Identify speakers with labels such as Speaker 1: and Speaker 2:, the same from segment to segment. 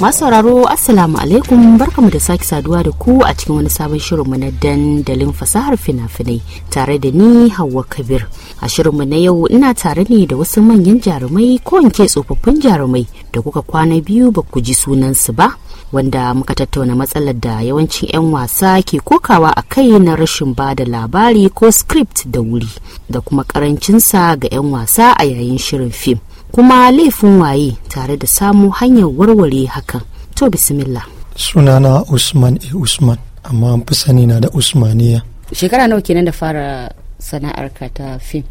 Speaker 1: masu sauraro assalamu alaikum barkamu da sake saduwa da ku a cikin wani sabon shirinmu na dandalin fasahar fina-finai tare da ni hawa kabir a shirin mu na yau ina tare ne da wasu manyan jarumai ko in ke tsofaffin jarumai da kuka kwana biyu ba ku ji sunansu ba wanda muka tattauna matsalar da yawancin 'yan wasa ke kokawa a kai na rashin ba da labari ko script da wuri da kuma karancinsa ga 'yan wasa a yayin shirin fim kuma laifin waye tare da samu hanyar warware hakan to bismillah
Speaker 2: sunana usman e usman amma an fi sani na da usmaniya
Speaker 1: shekara nawa kenan da fara sana'ar ka ta fim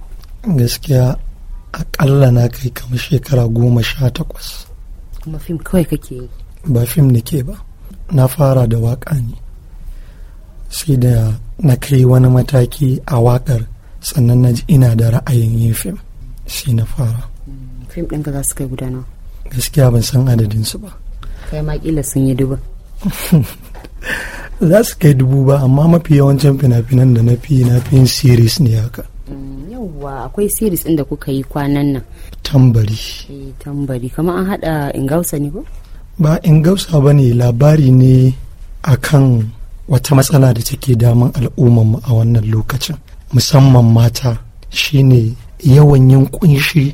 Speaker 2: gaskiya akalla na kai kamar shekara goma sha takwas
Speaker 1: kuma fim kawai kake yi
Speaker 2: ba fim da ke ba na fara da waka ne sai da na kai wani mataki a wakar sannan na ji ina da ra'ayin yin fim sai na fara
Speaker 1: fim ɗin ka za su kai
Speaker 2: gaskiya ban san adadin su ba
Speaker 1: kai ma kila sun yi dubu
Speaker 2: za su kai dubu ba amma mafi yawancin fina-finan da na fi na fi series ne haka
Speaker 1: mm, yawwa akwai series da kuka yi kwanan nan tambari eh, tambari kamar an haɗa ingausa ne ko
Speaker 2: ba ingausa ba ne labari ne a kan wata matsala da take damun mu a wannan lokacin musamman mata shine yawan yin kunshi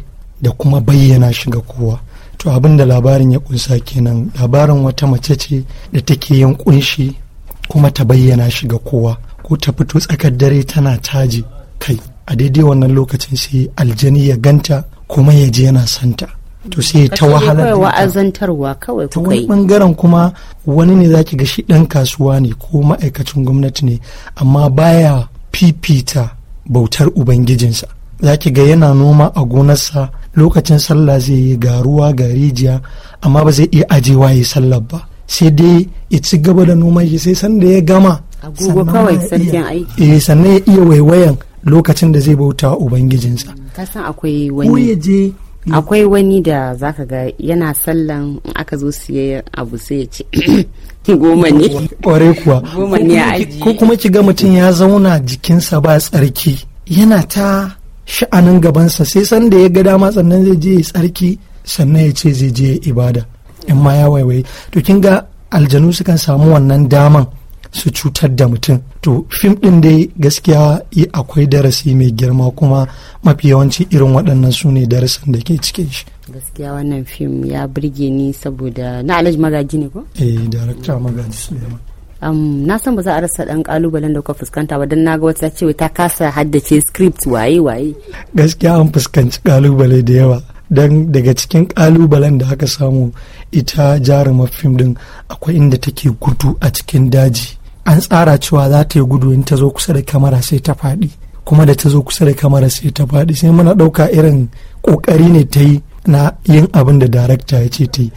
Speaker 2: da kuma bayyana shi ga kowa to abin da labarin ya kunsa kenan labarin wata mace ce da take yin kunshi kuma ta bayyana shi ga kowa ko ta fito tsakar dare tana taji kai a daidai wannan lokacin sai aljani ya ganta kuma ya je yana santa to sai ta wahala
Speaker 1: wa'azantarwa kawai ta wani bangaren
Speaker 2: kuma wani ne zaki ga shi dan kasuwa ne ko ma'aikacin gwamnati ne amma baya fifita bautar ubangijinsa za ki ga yana noma a gonarsa lokacin sallah zai yi garuwa ga rijiya amma ba zai iya ajewa ya sallah ba sai dai ya ci gaba da noman shi sai sanda ya gama eh, sannan ya iya waiwayan lokacin da zai bauta ubangijinsa
Speaker 1: kasan akwai wani akwai wani da zaka ga yana sallan aka zo siye abu sai ya ce goma ne kware
Speaker 2: kuwa goma ne a ko kuma ki ga mutum ya zauna jikinsa ba tsarki yana ta sha'anin gabansa sai san da ya ga dama sannan zai je ya tsarki sannan ya ce zai je ya ibada in ma ya waiwaye to kin ga aljanu sukan samu wannan daman su cutar da mutum to fim din dai gaskiya akwai darasi mai girma kuma mafi yawanci irin waɗannan su ne darasin da ke cikin shi
Speaker 1: gaskiya wannan fim ya burge ni saboda na alhaji magaji ne ko eh director magaji suleiman na san ba za a rasa dan kalubalen da kuka fuskanta ba don na ga wata cewa ta kasa haddace script waye waye
Speaker 2: gaskiya an fuskanci kalubale da yawa don daga cikin kalubalen da aka samu ita jarumar fim din akwai inda take gudu a cikin daji an tsara cewa za ta yi gudu in ta zo kusa da kamara sai ta faɗi kuma da ta zo kusa da kamara sai ta faɗi sai muna ɗauka irin ƙoƙari ne ta yi na yin abin da darakta ya ce ta yi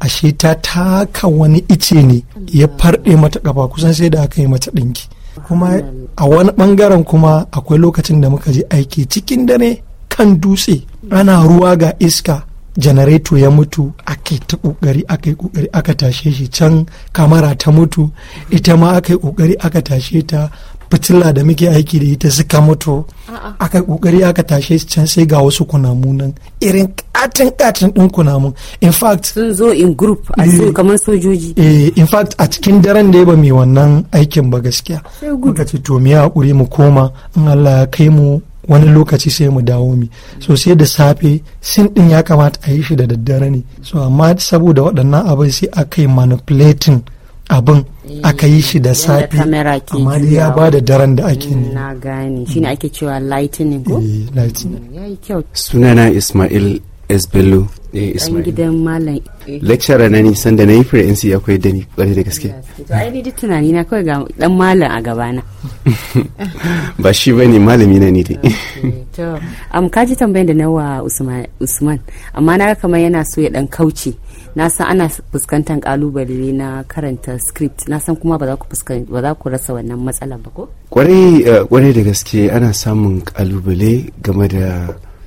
Speaker 2: ashe ta taka wani ice ne ya farɗe mata ƙafa kusan sai da aka yi mata ɗinki kuma a wani ɓangaren kuma akwai lokacin da muka je aiki cikin dare kan dutse ana ruwa ga iska janareto ya mutu aka ta kokari aka yi kokari aka tashe shi can kamara ta mutu ita ma aka yi kokari aka tashe ta fitila da muke aiki da ita suka mutu aka kokari aka tashe shi can sai ga wasu kunamunan irin katin katin din kunamun in
Speaker 1: fact sun zo in group
Speaker 2: a eh, sun kamar sojoji eh in fact a cikin daren da ya ba mai wannan aikin ba gaskiya muka ce to mu ya hakuri mu koma in Allah ya kai mu wani lokaci sai mu dawo mi so sai da safe sin din ya kamata a yi shi da daddare ne so amma saboda waɗannan abin sai aka yi manipulating abin eh, aka yi shi da safe amma dai ya ba da daren da ake mm, ne
Speaker 1: na gane shine ake cewa lightning ko eh, lightning mm, yayi kyau
Speaker 3: sunana Ismail S. Bello eh, An
Speaker 1: Ismail. gidan Malam. Lecturer na
Speaker 3: ni sanda na yi fure NC akwai da ni kwarai da gaske.
Speaker 1: A ai ni duk tunani na kawai ga dan Malam a gabana.
Speaker 3: Ba shi ne malami na ni dai.
Speaker 1: To am ka ji tambayar da nawa Usman amma na ga kamar yana so ya dan kauce. Na san ana fuskantar kalubale na karanta script na san kuma ba za ku ba za ku rasa wannan matsalar ba ko?
Speaker 3: Kwarai kwarai eh, da gaske ana samun kalubale game da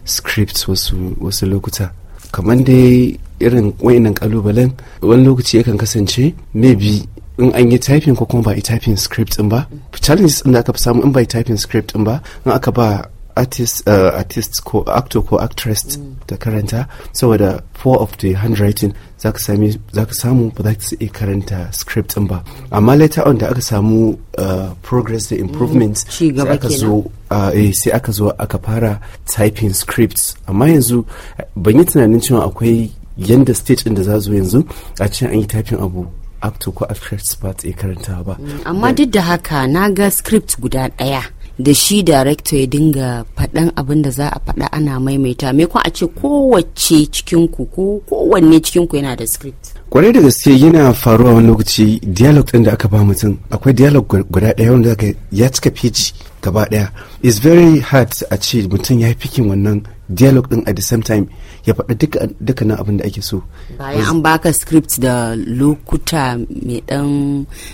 Speaker 3: scripts wasu, wasu lokuta kamar dai irin wayannan kalubalen wani lokaci yakan kasance maybe in an yi typing ko kuma ba yi typing script din ba challenges din da aka fi samu in ba yi typing script din ba in aka ba artist uh, artist ko actor ko actress mm. ta karanta saboda four of the handwriting za ka samu ba za ka iya karanta script din ba amma later on da aka samu uh, progress da improvement mm. sai aka zo uh, eh, sai aka zo aka fara typing scripts amma yanzu ban yi tunanin cewa akwai yanda stage din da za zo yanzu a cikin an yi typing abu actor ko actress ba ta iya karanta ba mm.
Speaker 1: amma duk da haka na ga script guda ɗaya da shi director ya dinga faɗan abin da za a faɗa ana maimaita me kuma a ce kowace cikinku ko kowanne cikinku yana da script
Speaker 3: kwarai da gaske yana faruwa wani lokaci dialogue ɗin da aka ba mutum akwai dialogue guda ɗaya wanda ya cika fiji. gaba daya is very hard a ce mutum ya fikin wannan dialogue din at the same time ya faɗa dukkanin abin da ake so
Speaker 4: bayan an
Speaker 1: baka script da lokuta mai dan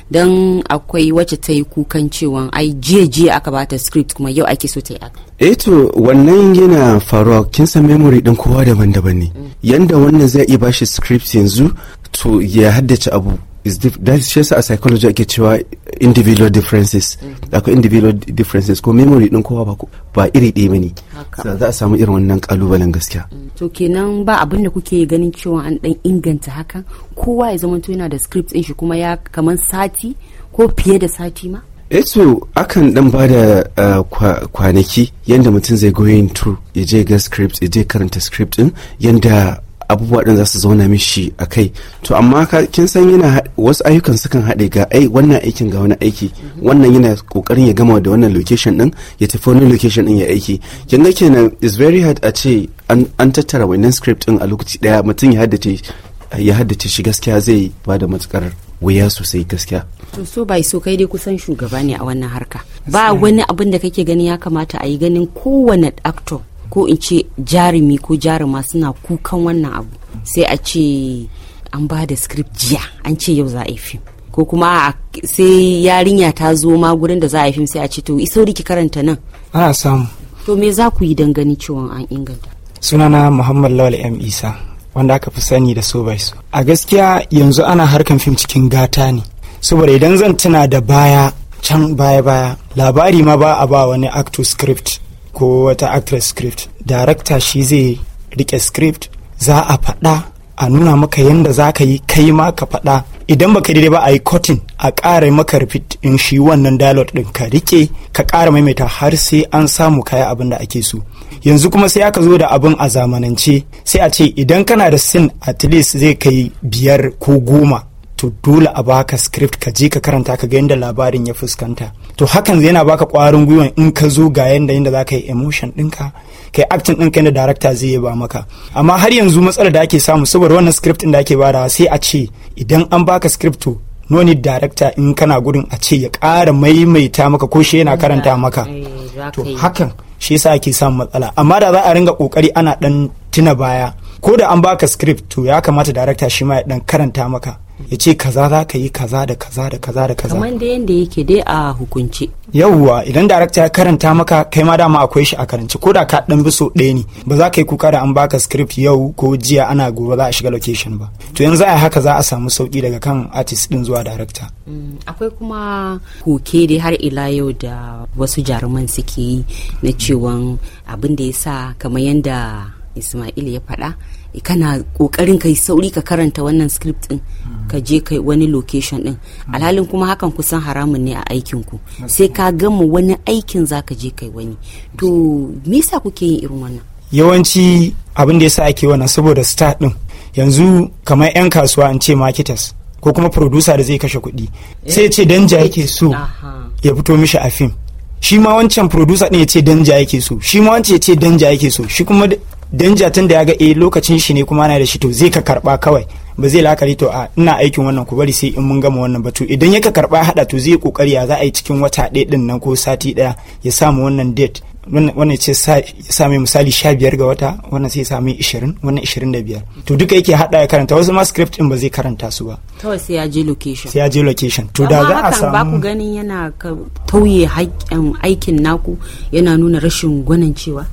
Speaker 1: dan akwai wacce ta yi kukan cewa ai jeje aka bata script kuma yau ake so ta yi aka
Speaker 3: eh to wannan yana faruwa kin san memory din kowa daban-daban ne mm. yanda wannan zai iya bashi script yanzu to ya haddace abu is that shi yasa a psychology ake cewa individual differences mm-hmm. akwai individual differences ko memory din kowa ba ba iri ɗaya bane za a samu irin wannan kalubalen gaskiya mm,
Speaker 1: to kenan ba abin da kuke ganin cewa an dan inganta haka kowa ya zama yana da script din shi kuma ya kaman sati ko fiye da sati ma
Speaker 3: eto eh, akan dan ba da eh, kwanaki yanda mutum zai going through ya je ga script ya je karanta script din yanda abubuwa ɗin za su zauna mishi a kai to amma kin san yana wasu ayyukan sukan haɗe ga ai wannan aikin ga wani aiki wannan yana kokarin ya gama da wannan location din ya tafi wani location din ya aiki kin ga kenan is very hard a ce an tattara wannan script din a lokaci ɗaya mutum ya haddace ya haddace shi gaskiya zai ba da matukar wuya sosai gaskiya.
Speaker 1: To so bai so kai dai kusan shugaba ne a wannan harka. Ba wani abin da kake gani ya kamata a yi ganin kowane actor ko in ce jarumi ko jaruma suna kukan wannan abu sai a ce an ba da script jiya an ce yau za a yi fim ko kuma sai yarinya ta zo ma gurin da za a yi fim sai a ce to isauri ki karanta nan
Speaker 5: ana samu to me za ku yi don ganin cewa an inganta sunana muhammad lawal m isa wanda aka fi sani da so by so a gaskiya yanzu ana harkan fim cikin gata ne saboda idan zan tuna da baya can baya baya labari ma ba a ba wani actor script ko wata actress script director shi zai rike script za a faɗa a nuna maka yadda za ka yi kai ma ka faɗa idan baka daidai ba a yi cotton a ƙara maka repeat in shi wannan dialog ɗin ka rike ka ƙara maimaita har sai an samu kaya abin da ake so yanzu kuma sai aka zo da abin a zamanance sai a ce idan kana da sin at least zai kai biyar ko goma to dole a baka script ka je ka karanta ka ga yadda labarin ya fuskanta to hakan yana baka ƙwarin gwiwa in ka zo ga yadda yadda za ka yi emotion ɗinka kai acting din kai da director zai ba maka amma har yanzu matsalar da ake samu saboda wannan script ɗin da ake badawa sai a ce idan an baka script no need director in kana gudun a ce ya ƙara maimaita maka ko shi yana karanta maka to hakan shi yasa ake samun matsala amma da za a ringa kokari ana ɗan tuna baya ko da an baka script to ya kamata director shi ma ya dan karanta maka ya ce kaza za ka yi kaza da kaza da kaza da kaza kamar da yadda yake dai a hukunci yauwa idan darakta ya karanta maka kai ma dama akwai shi a karanci ko da ka dan bi so ɗaya ne ba za ka yi kuka da an baka script yau ko jiya ana gobe za a shiga location ba to yanzu a haka za a samu sauki daga kan artist ɗin zuwa darakta
Speaker 1: mm, akwai kuma koke dai har ila yau da wasu jaruman suke yi na cewan abin da ya sa kamar yadda ismail ya faɗa kana kokarin kai sauri ka karanta wannan script din ka je kai wani location din alhalin kuma hakan kusan haramun ne a aikin ku sai ka gama wani aikin zaka je kai wani to me yasa kuke yin irin wannan
Speaker 5: yawanci abin da yasa ake wannan saboda star din yanzu kamar yan kasuwa an ce marketers ko kuma producer da zai kashe kuɗi sai ce danja yake so ya fito mishi a fim shi ma wancan producer ɗin ya ce danja yake so shi ma wancan ya ce danja yake so shi kuma danja tun da ya ga eh lokacin shi ne kuma na da shi to zai ka karba kawai ba zai la'akari to a ina aikin wannan ku bari sai in mun gama wannan batu idan ya ka karba hada to zai kokari ya za a yi cikin wata ɗaya din nan ko sati ɗaya ya samu wannan date wannan ce ya sami misali sha biyar ga wata wannan sai ya sami ishirin wannan ishirin da biyar to duka yake hada ya karanta wasu ma script din ba zai karanta su ba
Speaker 1: kawai sai ya je location sai ya je
Speaker 5: location to da za a samu ba ku
Speaker 1: ganin yana tauye aikin naku yana nuna rashin gwanin cewa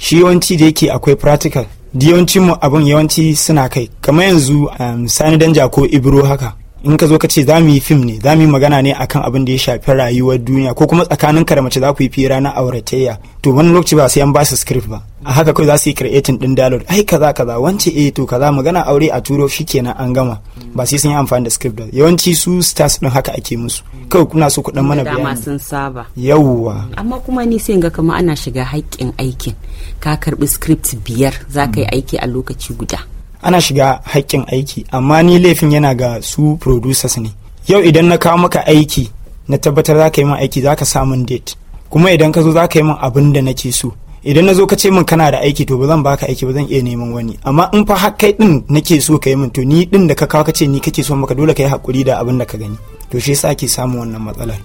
Speaker 5: shi yawanci da yake akwai practical yawancin mu abin yawanci suna kai kamar yanzu um, sani danja ko ibro haka in ka zo ka ce za mu yi fim ne za mu yi magana ne akan abin da ya shafi rayuwar duniya ko kuma tsakanin ka da mace za ku yi fira na auratayya to wani lokaci ba sai an ba su script ba a haka kawai za su yi creating din dialogue ai kaza kaza wance eh to kaza magana aure a turo shikenan an gama ba sai sun yi amfani da script ba yawanci su stars din haka ake musu kawai kuna so kuɗin mana bayani
Speaker 1: sun saba
Speaker 5: yawwa
Speaker 1: amma kuma ni sai ga kamar ana shiga haƙƙin aikin
Speaker 5: ka karbi script biyar za ka yi aiki a lokaci guda ana shiga haƙƙin aiki amma ni laifin yana ga su producers ne yau idan na kawo maka aiki na tabbatar za ka yi min aiki za ka samun date kuma idan ka zo za ka yi min abin da nake so idan na zo ka ce min kana da aiki to ba zan baka aiki ba zan iya neman wani amma in fa har kai din nake so ka yi min to ni din da ka kawo ka ce ni kake so maka dole ka yi hakuri da abin da ka gani to shi yasa ake samun wannan matsalar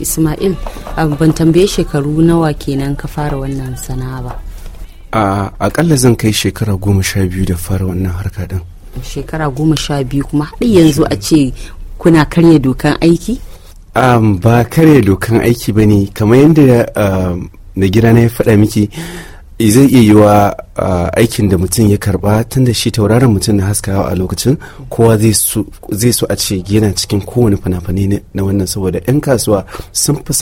Speaker 1: ismail ah, ban tambaye shekaru nawa kenan ka fara wannan sana'a ba
Speaker 3: a akalla zan kai shekara goma sha biyu da fara wannan harka din
Speaker 1: shekara goma sha biyu kuma har yanzu a ce kuna karya dokan aiki
Speaker 3: ba karya dokan aiki ba ne kamar yadda na ah, gida na ya faɗa miki Eh, zai iya yiwa aikin da mutum ya karba tun da shi tauraron mutum na haskawa a lokacin kowa zai so a ce yana cikin kowane fina-finai na wannan saboda 'yan kasuwa sun fi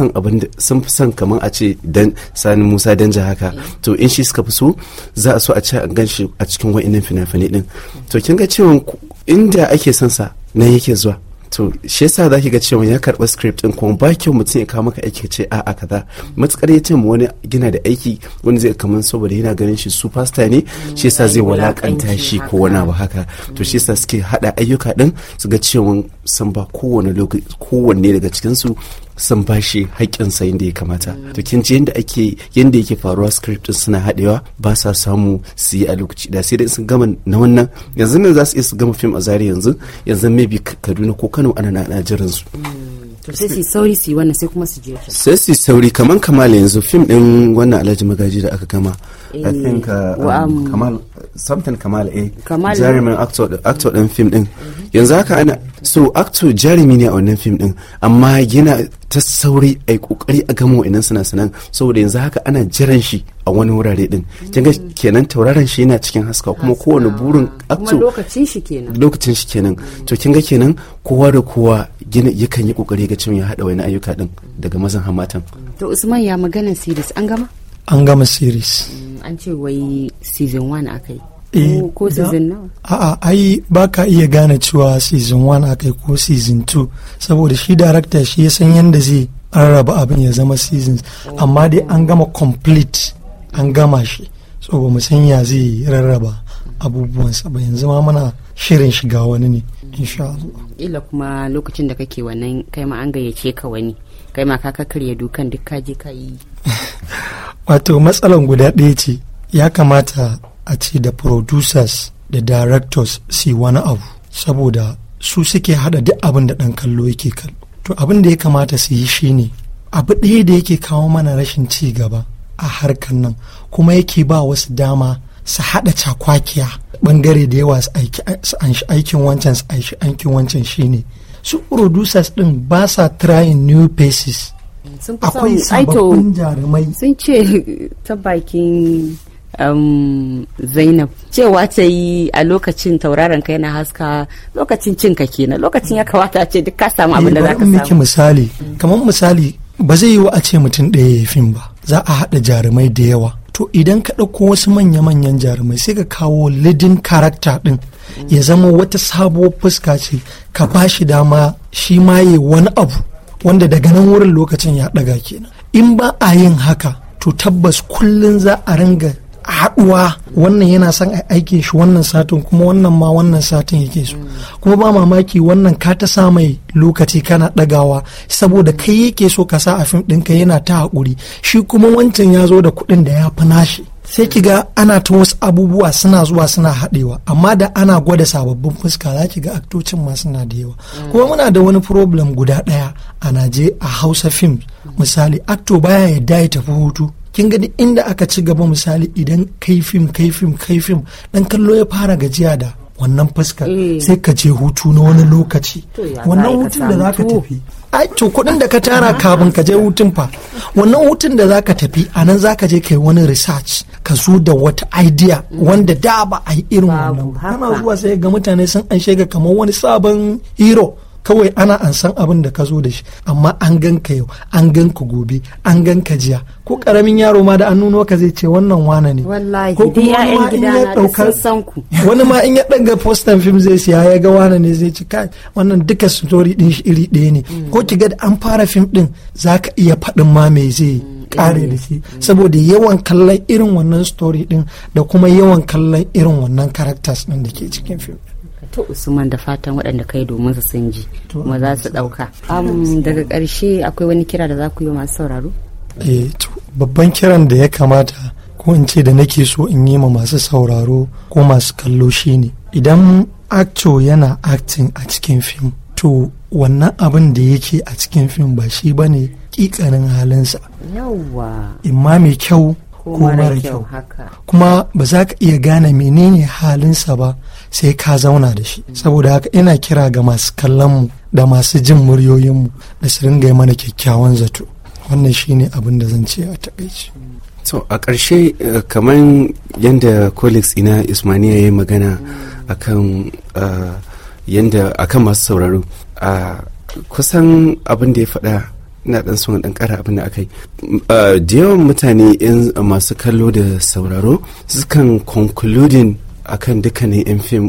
Speaker 3: son kamar a ce dan sani musa danja haka to in shi suka fi so za a so a ce a gan shi a cikin wa'innan fina-finai din to kin ga cewa inda ake son sa nan yake zuwa to shi yasa za ki ga cewa ya karɓi script ɗin kuma ba kyau mutum ya kawo maka aiki ce a kaza matukar ya ce mu wani gina da aiki wani zai kamar saboda yana ganin shi su pasta ne shi yasa zai walakanta shi ko wani abu haka to shi yasa suke hada ayyuka ɗin su ga cewa sun ba kowane lokaci kowanne daga cikinsu. sun bashi haƙƙin sa yadda ya kamata to kin ji yadda ake yadda yake faruwa script din suna haɗewa ba sa samu su yi a lokaci da sai dai sun gama na wannan yanzu ne za su iya su gama fim a zari yanzu yanzu maybe Kaduna ko Kano ana na najeriya su
Speaker 1: mm. sai su sauri su yi wannan sai kuma su je
Speaker 3: sai su sauri kaman kamala yanzu fim din wannan Alhaji Magaji da aka gama Eh, I think uh, um, a um, something Kamal eh jarumin actor actor din film din yanzu haka ana so actor jarumi ne a wannan film ɗin. amma yana ta sauri a yi kokari a gama wa'annan suna-sunan saboda yanzu haka ana jiran shi a wani wurare din kin ga kenan tauraron shi yana cikin haska kuma kowane burin actor
Speaker 1: lokacin shi
Speaker 3: kenan to kin ga kenan kowa da kowa yakan yi kokari ga cewa ya hada wani ayyuka ɗin daga mazan hamatan
Speaker 1: to Usman ya magana series an gama
Speaker 2: an gama series
Speaker 1: mm, an ce wai season 1 akai eh, ko season nawa
Speaker 2: a ai ba ka iya gane cewa season 1 akai ko season 2 saboda shi director shi ya san yadda zai rarraba abin ya zama seasons oh. amma dai an gama complete an gama shi so ba mu san ya zai rarraba abubuwansa ba yanzu ma muna shirin shiga wani ne insha Allah
Speaker 1: ila kuma lokacin da kake wannan kai ma an gayyace ka wani kai ma ka karya dukan duk ka je ka yi
Speaker 2: wato matsalan guda ɗaya ce ya kamata a ce da producers da directors si wani abu saboda su suke hada duk abin da ɗan kallo yake kallo to abin da ya kamata su yi shine abu ɗaya da yake kawo mana rashin ci gaba a harkar nan kuma yake ba wasu dama su haɗa cakwakiya bangare da yawa su aikin wancan su aikin wancan shine su producers ɗin ba sa trying new faces
Speaker 1: sun fi aito sun ce ta bakin um, zainab cewa ta yi a lokacin tauraron kai na haska lokacin cinka kenan lokacin ya kawata ce duk ka samu abin da eh, za ka samu
Speaker 2: misali kamar misali ba zai yi wa a ce mutum ɗaya ya fim ba za a haɗa jarumai da yawa to idan ka ɗauko wasu manya-manyan jarumai sai ka kawo leading karakta ɗin ya zama wata sabuwar fuska ce ka ba shi dama shi ma yi wani abu wanda daga nan wurin lokacin ya ɗaga kenan in ba a yin haka to tabbas kullum za a ringa haɗuwa wannan yana son a aikin shi wannan satin kuma wannan ma wannan satin yake so kuma ba mamaki wannan ka ta sa mai lokaci kana ɗagawa saboda kai yake so ka sa a fim ɗinka yana ta haƙuri shi kuma wancan ya zo da kuɗin da ya fi nashi sai ki ga ana ta wasu abubuwa suna zuwa suna haɗewa amma da ana gwada sababbin fuska za ki ga aktocin ma suna da yawa mm. kuma muna da wani problem guda ɗaya a naje a hausa fim misali akto baya yadda ya tafi hutu kin gani inda aka ci gaba misali idan kai fim kai fim kai fim dan kallo ya fara gajiya da wannan fuskar eh. sai ka je hutu na wani lokaci wannan hutun da za ka tafi ai to kuɗin da ka tara kafin ka je hutun fa wannan hutun da za ka tafi a nan za ka je ka wani research ka zo da wata idea wanda da ba a yi irin wannan kana zuwa sai ga mutane sun an shega kamar wani sabon hero kawai ana an san abin da ka zo da shi amma an gan ka yau an gan ka gobe an gan ka jiya ko karamin yaro ma da an nuno ka zai ce wannan wana ne
Speaker 1: ko kuma ma in ya
Speaker 2: wani ma in ya danga postan film zai siya ya ga wana ne zai ci kai wannan duka story din shi iri ɗaya ne mm. ko ki ga da an fara film din zaka iya faɗin ma me zai kare mm, eh, da eh, shi eh. saboda yawan kallon irin wannan story din da kuma yawan kallon irin wannan characters din da ke cikin film
Speaker 1: to usman da fatan waɗanda kai domin su sun ji kuma za su ɗauka daga ƙarshe akwai wani kira da za ku yi masu sauraro
Speaker 2: eh, babban kiran da ya kamata ko in ce da nake so in yi ma masu sauraro ko masu kallo ne. idan acto yana acting a cikin fim to wannan abin da yake a cikin fim ba shi ba ne ƙiƙanin halinsa.
Speaker 1: Imma mai kyau ko mara kyau
Speaker 2: kuma ba za ka iya gane menene halinsa ba sai ka zauna da shi mm. saboda haka ina kira ga masu kallonmu da masu jin muryoyinmu da su ringa mana kyakkyawan zato wannan shine abin da zan ce a takaici
Speaker 3: so a ƙarshe eh, kamar yadda colleagues ina ismaniya ya yi magana mm. eh, akan masu sauraro kusan abin da ya faɗa ina dan son dan kara abin da aka yi ah, da yawan mutane ah, masu kallo da sauraro sukan concluding akan dukkanin yan fim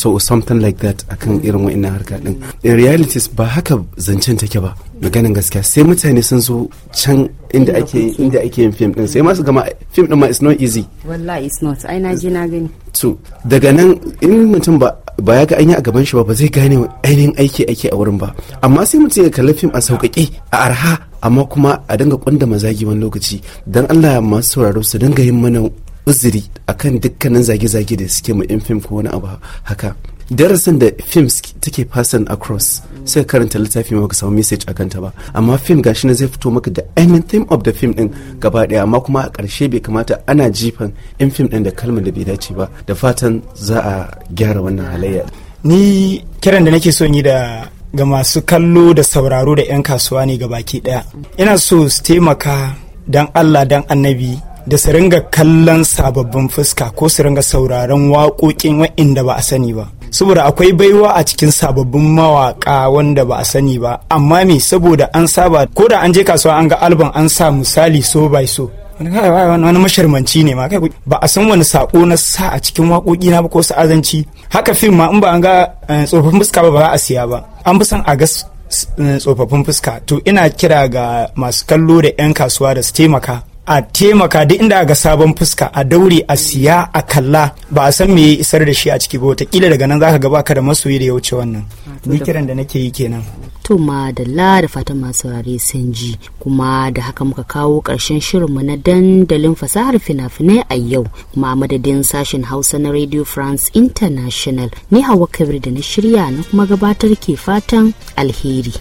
Speaker 3: so something like that akan irin wa'in harka din in realities ba haka zancen take ba maganin gaskiya sai mutane sun zo can inda ake inda ake yin film din sai ma su gama film din ma it's not easy
Speaker 1: wallahi it's not ai na je na gani
Speaker 3: to daga nan in mutum ba ba ya ga anya a gaban shi ba ba zai gane ainihin aiki ake a wurin ba amma sai mutum ya kalli fim a sauƙaƙe a arha amma kuma a dinga kwanda mazagi wani lokaci don Allah masu sauraro su dinga yin mana uzuri akan dukkanin zage-zage da suke mu in fim ko wani abu haka darasin da film take passing across sai karanta littafi ma samu message a kanta ba amma film gashi na zai fito maka da theme of the film din gaba daya amma kuma a karshe bai kamata ana jifan yan film din da kalmar da bai dace ba da fatan za a gyara wannan halayya ni
Speaker 5: kiran da nake so yi da ga masu kallo da sauraro da 'yan kasuwa ne ga baki daya ina so su taimaka dan allah dan annabi da su ringa kallon sababbin fuska ko su ringa sauraron waƙoƙin wa'inda ba a sani ba saboda akwai baiwa a cikin sababbin mawaka wanda ba a sani ba amma me saboda an saba ko da an je kasuwa an ga album an sa misali so by so wani masharmanci ne ma ba a san wani sako na sa a cikin waƙoƙi na ba ko sa'azanci haka fim ma in ba an ga eh, tsofaffin fuska ba ba a siya ba an fi san a ga eh, tsofaffin fuska to ina kira ga masu kallo da 'yan kasuwa da su taimaka a taimaka duk inda ga sabon fuska a daure a siya a kalla ba a san me ya isar da shi a ciki ba watakila daga nan zaka gaba ka da masoyi da ya wuce wannan ni kiran da nake yi kenan to madalla
Speaker 1: da fata masu saurare sun ji kuma da haka muka kawo karshen shirinmu na dandalin fasahar fina-finai a yau kuma madadin sashen hausa na radio france international ni hawa kabir da na shirya na kuma gabatar ke fatan alheri